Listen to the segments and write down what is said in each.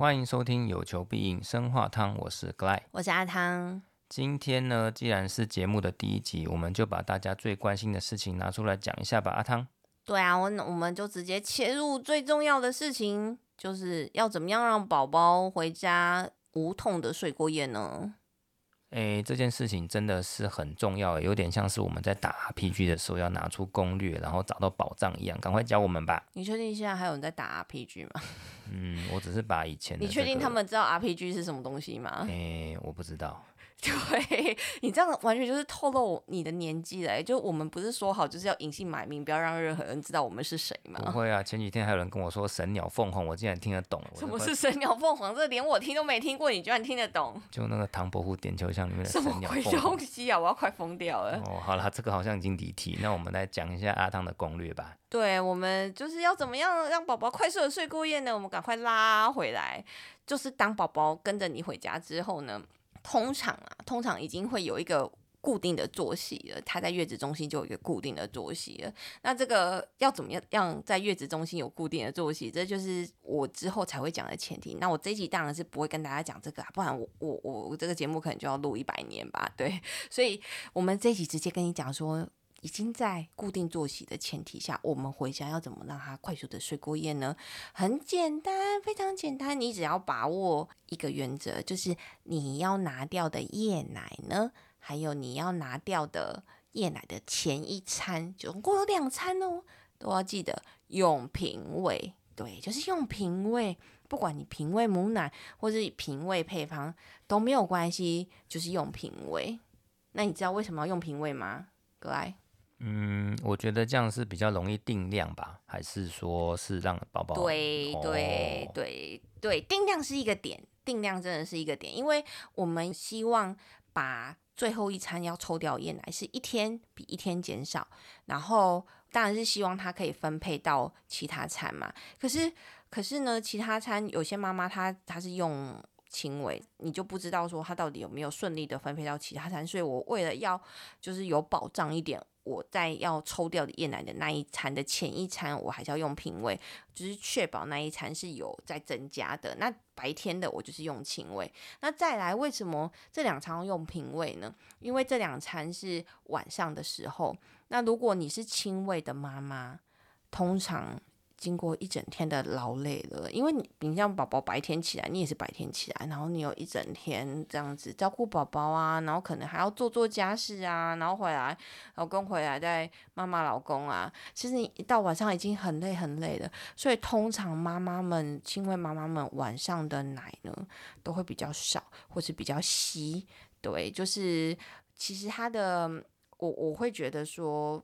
歡迎收聽《有求必應生化湯》，我是 Glide，我是阿湯。今天呢，既然是節目的第一集，我們就把大家最關心的事情拿出來講一下吧。阿湯，對啊，我我們就直接切入最重要的事情，就是要怎麼樣讓寶寶回家無痛的睡過夜呢？哎、欸，這件事情真的是很重要，有點像是我們在打 RPG 的時候要拿出攻略，然後找到寶藏一樣，趕快教我們吧！你確定現在還有人在打 RPG 嗎？嗯，我只是把以前、這個、你確定他們知道 RPG 是什麼東西嗎？哎、欸，我不知道。對，你這樣完全就是透露你的年紀嘞！就我們不是說好就是要隱姓埋名，不要讓任何人知道我們是誰嗎？不會啊，前幾天還有人跟我說“神鳥鳳凰”，我竟然聽得懂。什麼是“神鳥鳳凰”？這個、連我聽都沒聽過，你居然聽得懂？就那個《唐伯虎點秋香》裡面的神鳥。什麼鬼東西啊！我要快瘋掉了。哦，好了，這個好像已經離題，那我們來講一下阿湯的攻略吧。對，我們就是要怎麼樣讓寶寶快速的睡過夜呢？我們趕快拉回來。就是當寶寶跟着你回家之後呢？通常啊，通常已經會有一個固定的作息了。他在月子中心就有一個固定的作息了。那這個要怎麼樣讓在月子中心有固定的作息？這就是我之後才會講的前提。那我這一期當然是不會跟大家講這個啊，不然我我我這個節目可能就要錄一百年吧。對，所以我們這一期直接跟你講說。已經在固定作息的前提下，我們回家要怎麼讓他快速的睡過夜呢？很簡單，非常簡單，你只要把握一個原則，就是你要拿掉的夜奶呢，還有你要拿掉的夜奶的前一餐，總共有兩餐哦，都要記得用瓶餵，對，就是用瓶餵，不管你瓶餵母奶或者瓶餵配方都沒有關係，就是用瓶餵。那你知道為什麼要用瓶餵嗎？來。嗯，我覺得這樣是比較容易定量吧，還是說是讓寶寶對對對對，定量是一個點，定量真的是一個點，因為我們希望把最後一餐要抽掉夜奶，是一天比一天減少，然後當然是希望他可以分配到其他餐嘛。可是可是呢，其他餐有些媽媽她她是用親餵，你就不知道說她到底有沒有順利的分配到其他餐，所以我為了要就是有保障一點。我在要抽掉的夜奶的那一餐的前一餐，我還是要用瓶餵，就是確保那一餐是有在增加的。那白天的我就是用親餵。那再來，為什麼這兩餐要用瓶餵呢？因為這兩餐是晚上的時候。那如果你是親餵的媽媽，通常。經過一整天的勞累了，因為你，你像寶寶白天起來，你也是白天起來，然後你有一整天這樣子照顧寶寶啊，然後可能還要做做家事啊，然後回來，老公回來再罵罵老公啊。其實你一到晚上已經很累很累了，所以通常媽媽們，親餵媽媽們晚上的奶呢都會比較少或是比較稀，對，就是其實他的，我我會覺得說。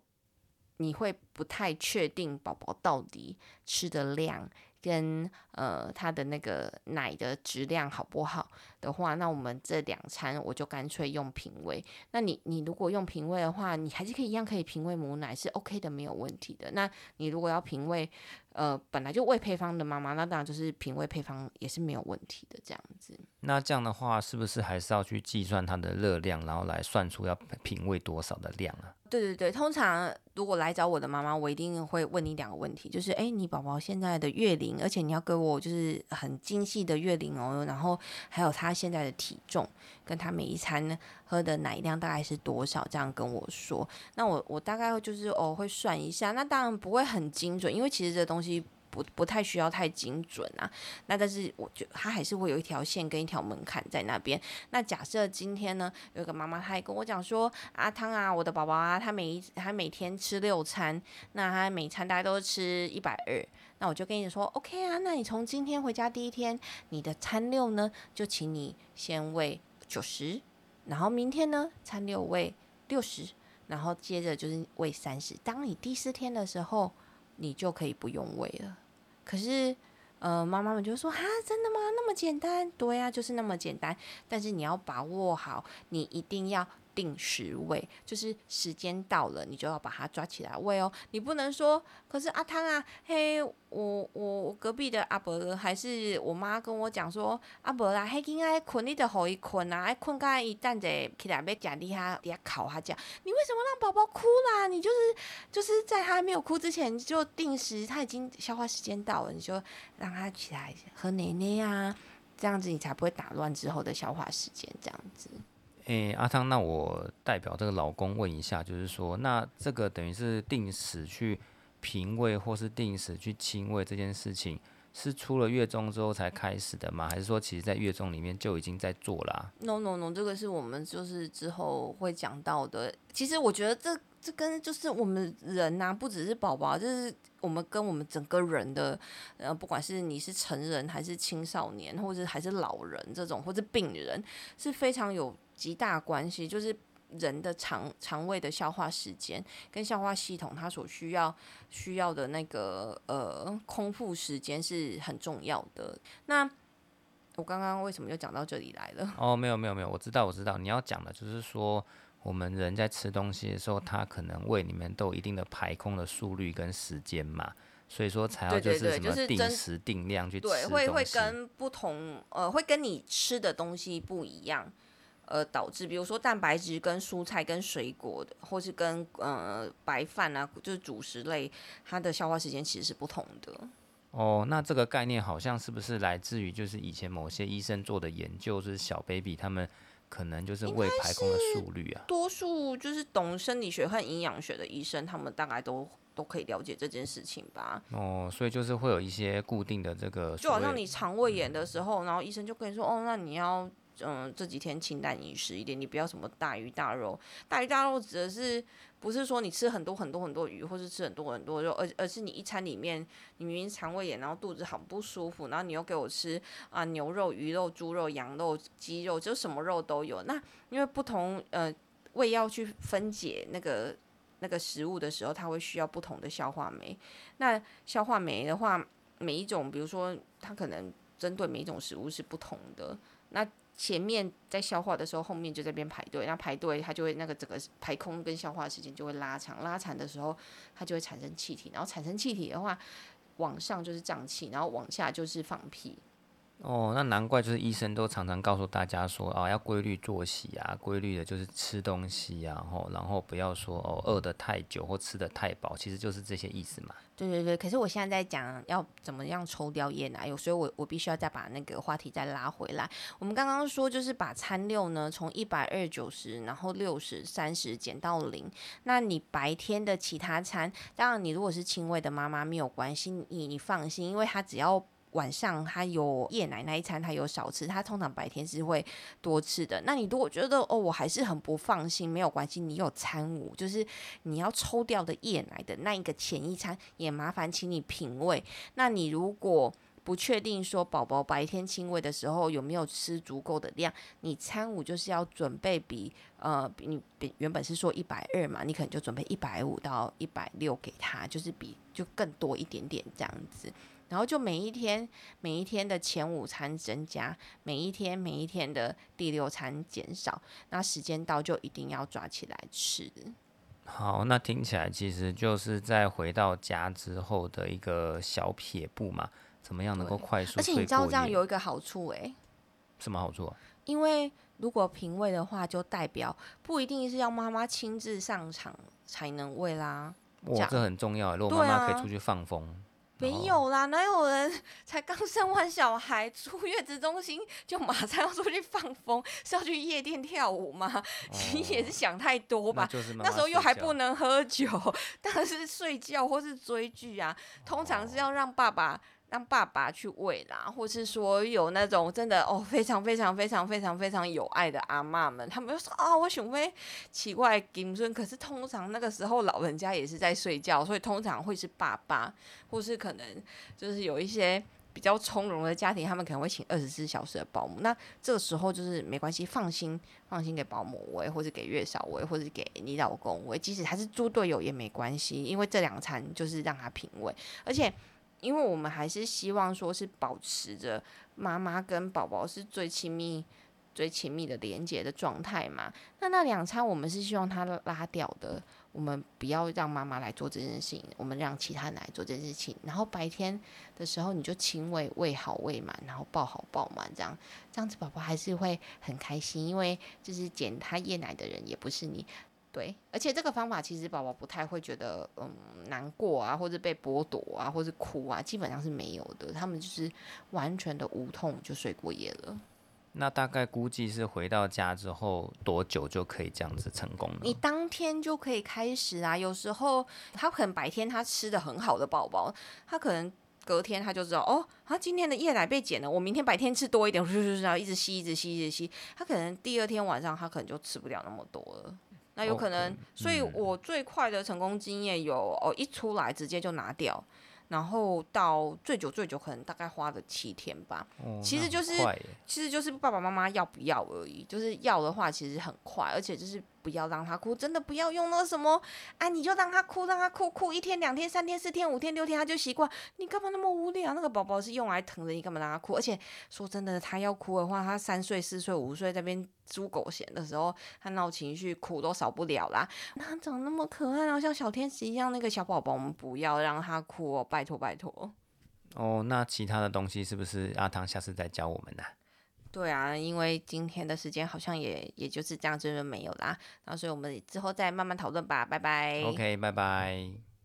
你會不太確定寶寶到底吃的量跟呃、他的那個奶的質量好不好的話，那我們這兩餐我就乾脆用瓶餵，那你你如果用瓶餵的話，你還是可以一樣可以瓶餵母奶是 OK 的，沒有問題的。那你如果要瓶餵。呃，本來就餵配方的媽媽，那當然就是品味配方也是沒有問題的這樣子。那這樣的話，是不是還是要去計算它的熱量，然後來算出要品味多少的量啊？對對對，通常如果來找我的媽媽，我一定會問你兩個問題，就是哎，你寶寶現在的月齡，而且你要給我就是很精細的月齡哦，然後還有他現在的體重，跟他每一餐喝的奶量大概是多少，這樣跟我說。那我我大概就是哦會算一下，那當然不會很精準，因為其實這東西。不不太需要太精準啊，那但是我覺得他還是會有一條線跟一條門檻在那邊。那假設今天呢，有一個媽媽她還跟我講說，阿、啊、湯啊，我的寶寶啊，他每一他每天吃六餐，那他每餐大概都吃一百二，那我就跟你說，OK 啊，那你從今天回家第一天，你的餐六呢，就請你先餵九十，然後明天呢，餐六餵六十，然後接着就是餵三十，當你第四天的時候。你就可以不用餵了。可是，呃，媽媽們就說：“哈、啊，真的嗎？那麼簡單？對呀、啊，就是那麼簡單。但是你要把握好，你一定要定時餵，就是時間到了，你就要把它抓起來餵哦。你不能說，可是阿湯啊，嘿，我我我隔壁的阿伯還是我媽跟我講說，阿伯啦，嘿，應該困你的後一困啊，哎，困蓋一旦在起來要獎勵他，給他烤一下。你為什麼讓寶寶哭啦？你就是……就是在他沒有哭之前，就定時他已經消化時間到了，你就讓他起來喝奶奶啊，這樣子你才不會打亂之後的消化時間。這樣子，哎、欸，阿湯，那我代表這個老公問一下，就是說，那這個等於是定時去瓶餵或是定時去親餵這件事情。是出了月中之後才開始的嗎？還是說其實在月中裡面就已經在做了啊？No No No，這個是我們就是之後會講到的。其實我覺得這這跟就是我們人吶啊，不只是寶寶，就是我們跟我們整個人的，呃，不管是你是成人還是青少年，或者還是老人這種，或者病人，是非常有極大關係，就是。人的腸腸胃的消化時間跟消化系統，它所需要需要的那個呃，空腹時間是很重要的。那我剛剛為什麼就講到這裡來了？哦，沒有沒有沒有，我知道我知道，你要講的就是說，我們人在吃東西的時候，它可能胃裡面都有一定的排空的速率跟時間嘛，所以說才要就是什麼定時對對對、就是、定量去吃東西。對，會會跟不同呃，會跟你吃的東西不一樣。呃，導致比如說蛋白質跟蔬菜跟水果的，或是跟呃白飯啊，就是主食類，它的消化時間其實是不同的。哦，那這個概念好像是不是來自於就是以前某些醫生做的研究，就是小 baby 他們可能就是胃排空的速率啊。多數就是懂生理學和營養學的醫生，他們大概都都可以了解這件事情吧。哦，所以就是會有一些固定的這個。就好像你腸胃炎的時候，嗯、然後醫生就跟你說，哦，那你要。嗯，這幾天清淡飲食一點，你不要什麼大魚大肉。大魚大肉指的是不是說你吃很多很多很多魚，或是吃很多很多肉，而而是你一餐裡面，你明明腸胃炎，然後肚子很不舒服，然後你又給我吃啊牛肉、魚肉、豬肉、羊肉、雞肉，就什麼肉都有。那因為不同呃胃要去分解那個那個食物的時候，它會需要不同的消化酶。那消化酶的話，每一種比如說它可能針對每一種食物是不同的。那前面在消化的時候，後面就在邊排隊，那排隊它就會那個整個排空跟消化的時間就會拉長，拉長的時候它就會產生氣體，然後產生氣體的話，往上就是脹氣，然後往下就是放屁。哦，那難怪就是醫生都常常告訴大家說，哦，要規律作息啊，規律的就是吃東西啊，然後然後不要說哦餓得太久或吃得太飽，其實就是這些意思嘛。對對對，可是我現在在講要怎麼樣抽掉夜奶啊，所以我我必須要再把那個話題再拉回來。我們剛剛說就是把餐六呢從一百二九十，然後六十三十減到零，那你白天的其他餐，當然你如果是親餵的媽媽沒有關係，你你放心，因為他只要，晚上他有夜奶那一餐，他有少吃，他通常白天是會多吃的。那你如果覺得哦，我還是很不放心，沒有關係，你有餐午，就是你要抽掉的夜奶的那一個前一餐，也麻煩請你瓶餵。那你如果不確定說寶寶白天親餵的時候有沒有吃足夠的量，你餐午就是要準備比呃，比你比原本是說一百二嘛，你可能就準備一百五到一百六給他，就是比就更多一點點這樣子。然後就每一天，每一天的前五餐增加，每一天每一天的第六餐減少。那時間到就一定要抓起來吃。好，那聽起來其實就是在回到家之後的一個小撇步嘛，怎麼樣能夠快速睡過夜？而且你知道這樣有一個好處誒、欸，什麼好處啊？因為如果瓶餵的話，就代表不一定是要媽媽親自上場才能餵啦。哇、喔，這很重要。如果媽媽可以出去放風。沒有啦，哪有人才剛生完小孩出月子中心就馬上要出去放風？是要去夜店跳舞嗎？你、哦，也是想太多吧？那，媽媽那時候又還不能喝酒，但是睡覺或是追劇啊，通常是要讓爸爸。讓爸爸去餵啦，或是說有那種真的哦，非常非常非常非常非常有愛的阿嬤們，他們就說啊、哦，我選麼奇怪金尊？可是通常那個時候老人家也是在睡覺，所以通常會是爸爸，或是可能就是有一些比較從容的家庭，他們可能會請二十四小時的保姆。那這個時候就是沒關係，放心放心給保姆餵，或者給月嫂餵，或者給你老公餵，即使他是豬隊友也沒關係，因為這兩餐就是讓他品味，而且。因為我們還是希望說是保持着媽媽跟寶寶是最親密、最親密的連接的狀態嘛。那那兩餐我們是希望他拉掉的，我們不要讓媽媽來做這件事情，我們讓其他人來做這件事情。然後白天的時候你就親餵，餵好餵滿，然後抱好抱滿，這樣這樣子寶寶還是會很開心，因為就是減他夜奶的人也不是你。對，而且這個方法其實寶寶不太會覺得嗯難過啊，或者被剝奪啊，或者哭啊，基本上是沒有的。他們就是完全的無痛就睡過夜了。那大概估計是回到家之後多久就可以這樣子成功了？你當天就可以開始啊。有時候他可能白天他吃得很好的寶寶，他可能隔天他就知道哦，他今天的夜奶被減了，我明天白天吃多一點，然後一直吸一直吸一直吸，一直吸，他可能第二天晚上他可能就吃不了那麼多了。那有可能，所以我最快的成功經驗有哦，一出來直接就拿掉，然後到最久最久可能大概花了七天吧。其實就是其實就是爸爸媽媽要不要而已，就是要的話其實很快，而且就是。不要讓他哭，真的不要用那什麼，哎、啊，你就讓他哭，讓他哭，哭一天、兩天、三天、四天、五天、六天，他就習慣。你幹嘛那麼無聊？那個寶寶是用來疼的，你幹嘛讓他哭？而且說真的，他要哭的話，他三歲、四歲、五歲那邊豬狗嫌的時候，他鬧情緒，哭都少不了啦。他長那麼可愛然後像小天使一樣，那個小寶寶，我們不要讓他哭，哦。拜託拜託。哦，那其他的東西是不是阿唐下次再教我們呢、啊？對啊，因為今天的時間好像也也就是這樣子，就沒有啦。然後所以我們之後再慢慢討論吧，拜拜。OK，拜拜。